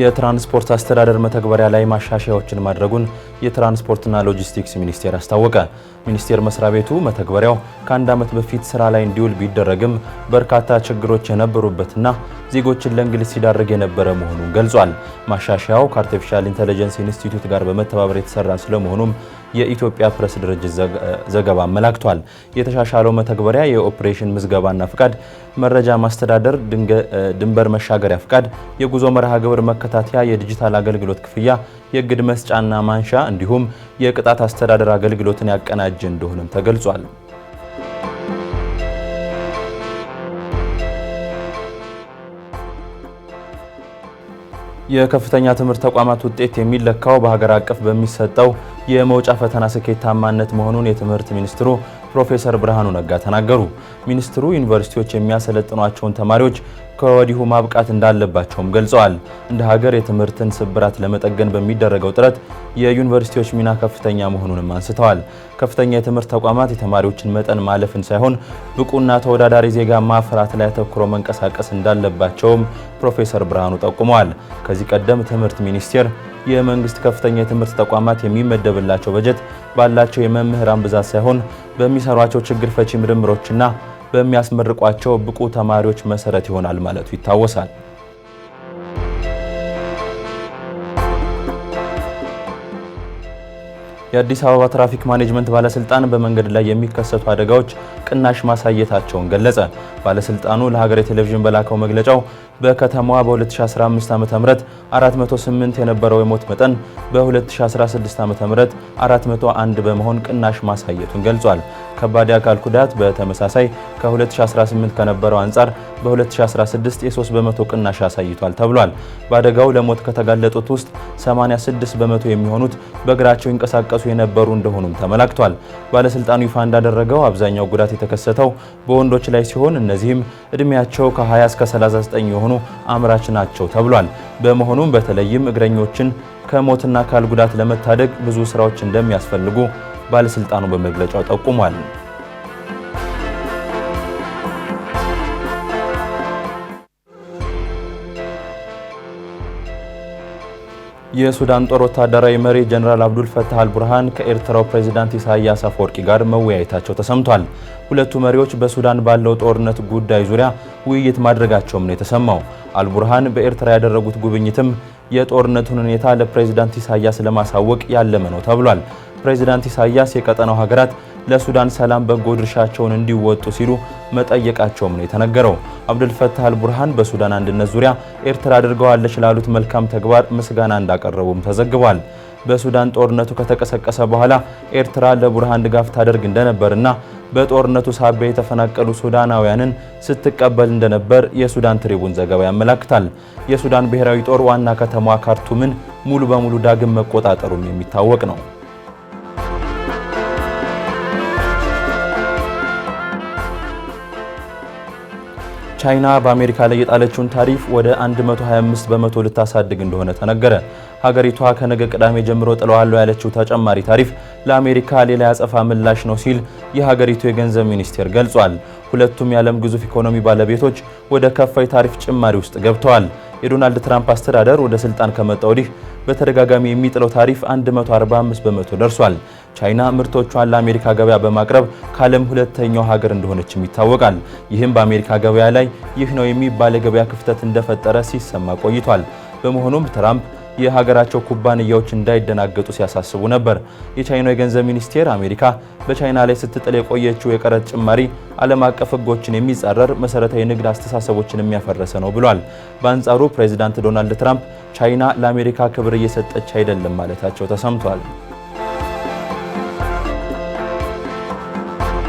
የትራንስፖርት አስተዳደር መተግበሪያ ላይ ማሻሻያዎችን ማድረጉን የትራንስፖርትና ሎጂስቲክስ ሚኒስቴር አስታወቀ። ሚኒስቴር መስሪያ ቤቱ መተግበሪያው ከአንድ ዓመት በፊት ስራ ላይ እንዲውል ቢደረግም በርካታ ችግሮች የነበሩበትና ዜጎችን ለእንግልት ሲዳርግ የነበረ መሆኑን ገልጿል። ማሻሻያው ከአርቲፊሻል ኢንተለጀንስ ኢንስቲትዩት ጋር በመተባበር የተሰራ ስለመሆኑም የኢትዮጵያ ፕሬስ ድርጅት ዘገባ አመላክቷል። የተሻሻለው መተግበሪያ የኦፕሬሽን ምዝገባና ፍቃድ፣ መረጃ ማስተዳደር፣ ድንበር መሻገሪያ ፍቃድ፣ የጉዞ መርሃ ግብር መከታተያ፣ የዲጂታል አገልግሎት ክፍያ የእግድ መስጫና ማንሻ እንዲሁም የቅጣት አስተዳደር አገልግሎትን ያቀናጀ እንደሆነም ተገልጿል። የከፍተኛ ትምህርት ተቋማት ውጤት የሚለካው በሀገር አቀፍ በሚሰጠው የመውጫ ፈተና ስኬታማነት መሆኑን የትምህርት ሚኒስትሩ ፕሮፌሰር ብርሃኑ ነጋ ተናገሩ። ሚኒስትሩ ዩኒቨርሲቲዎች የሚያሰለጥኗቸውን ተማሪዎች ከወዲሁ ማብቃት እንዳለባቸውም ገልጸዋል። እንደ ሀገር የትምህርትን ስብራት ለመጠገን በሚደረገው ጥረት የዩኒቨርሲቲዎች ሚና ከፍተኛ መሆኑንም አንስተዋል። ከፍተኛ የትምህርት ተቋማት የተማሪዎችን መጠን ማለፍን ሳይሆን ብቁና ተወዳዳሪ ዜጋ ማፍራት ላይ አተኩሮ መንቀሳቀስ እንዳለባቸውም ፕሮፌሰር ብርሃኑ ጠቁመዋል። ከዚህ ቀደም ትምህርት ሚኒስቴር የመንግስት ከፍተኛ የትምህርት ተቋማት የሚመደብላቸው በጀት ባላቸው የመምህራን ብዛት ሳይሆን በሚሰሯቸው ችግር ፈቺ ምርምሮችና በሚያስመርቋቸው ብቁ ተማሪዎች መሰረት ይሆናል ማለቱ ይታወሳል። የአዲስ አበባ ትራፊክ ማኔጅመንት ባለስልጣን በመንገድ ላይ የሚከሰቱ አደጋዎች ቅናሽ ማሳየታቸውን ገለጸ። ባለስልጣኑ ለሀገሬ ቴሌቪዥን በላከው መግለጫው በከተማዋ በ2015 ም 408 የነበረው የሞት መጠን በ2016 ዓ.ም 401 በመሆን ቅናሽ ማሳየቱን ገልጿል። ከባድ የአካል ጉዳት በተመሳሳይ ከ2018 ከነበረው አንጻር በ2016 የ3 በመቶ ቅናሽ አሳይቷል ተብሏል። በአደጋው ለሞት ከተጋለጡት ውስጥ 86 በመቶ የሚሆኑት በእግራቸው ይንቀሳቀሱ የነበሩ እንደሆኑም ተመላክቷል። ባለስልጣኑ ይፋ እንዳደረገው አብዛኛው ጉዳት የተከሰተው በወንዶች ላይ ሲሆን እነዚህም እድሜያቸው ከ20 እስከ 39 የሆኑ አምራች ናቸው ተብሏል። በመሆኑም በተለይም እግረኞችን ከሞትና አካል ጉዳት ለመታደግ ብዙ ስራዎች እንደሚያስፈልጉ ባለስልጣኑ በመግለጫው ጠቁሟል። የሱዳን ጦር ወታደራዊ መሪ ጀነራል አብዱል ፈታህ ቡርሃን ከኤርትራው ፕሬዚዳንት ኢሳያስ አፈወርቂ ጋር መወያየታቸው ተሰምቷል። ሁለቱ መሪዎች በሱዳን ባለው ጦርነት ጉዳይ ዙሪያ ውይይት ማድረጋቸውም ነው የተሰማው። አልቡርሃን በኤርትራ ያደረጉት ጉብኝትም የጦርነቱን ሁኔታ ለፕሬዚዳንት ኢሳያስ ለማሳወቅ ያለመ ነው ተብሏል። ፕሬዚዳንት ኢሳያስ የቀጠናው ሀገራት ለሱዳን ሰላም በጎ ድርሻቸውን እንዲወጡ ሲሉ መጠየቃቸውም ነው የተነገረው። አብዱልፈታህ አልቡርሃን በሱዳን አንድነት ዙሪያ ኤርትራ አድርገዋለች ላሉት መልካም ተግባር ምስጋና እንዳቀረቡም ተዘግቧል። በሱዳን ጦርነቱ ከተቀሰቀሰ በኋላ ኤርትራ ለቡርሃን ድጋፍ ታደርግ እንደነበርና በጦርነቱ ሳቢያ የተፈናቀሉ ሱዳናውያንን ስትቀበል እንደነበር የሱዳን ትሪቡን ዘገባ ያመላክታል። የሱዳን ብሔራዊ ጦር ዋና ከተማዋ ካርቱምን ሙሉ በሙሉ ዳግም መቆጣጠሩም የሚታወቅ ነው። ቻይና በአሜሪካ ላይ የጣለችውን ታሪፍ ወደ 125 በመቶ ልታሳድግ እንደሆነ ተነገረ። ሀገሪቷ ከነገ ቅዳሜ ጀምሮ ጥለዋለሁ ያለችው ተጨማሪ ታሪፍ ለአሜሪካ ሌላ ያጸፋ ምላሽ ነው ሲል የሀገሪቱ የገንዘብ ሚኒስቴር ገልጿል። ሁለቱም የዓለም ግዙፍ ኢኮኖሚ ባለቤቶች ወደ ከፋይ ታሪፍ ጭማሪ ውስጥ ገብተዋል። የዶናልድ ትራምፕ አስተዳደር ወደ ስልጣን ከመጣ ወዲህ በተደጋጋሚ የሚጥለው ታሪፍ 145 በመቶ ደርሷል። ቻይና ምርቶቿን ለአሜሪካ ገበያ በማቅረብ ከዓለም ሁለተኛው ሀገር እንደሆነችም ይታወቃል። ይህም በአሜሪካ ገበያ ላይ ይህ ነው የሚባል የገበያ ክፍተት እንደፈጠረ ሲሰማ ቆይቷል። በመሆኑም ትራምፕ የሀገራቸው ኩባንያዎች እንዳይደናገጡ ሲያሳስቡ ነበር። የቻይናው የገንዘብ ሚኒስቴር አሜሪካ በቻይና ላይ ስትጥል የቆየችው የቀረጥ ጭማሪ ዓለም አቀፍ ሕጎችን የሚጻረር መሰረታዊ ንግድ አስተሳሰቦችን የሚያፈረሰ ነው ብሏል። በአንጻሩ ፕሬዚዳንት ዶናልድ ትራምፕ ቻይና ለአሜሪካ ክብር እየሰጠች አይደለም ማለታቸው ተሰምቷል።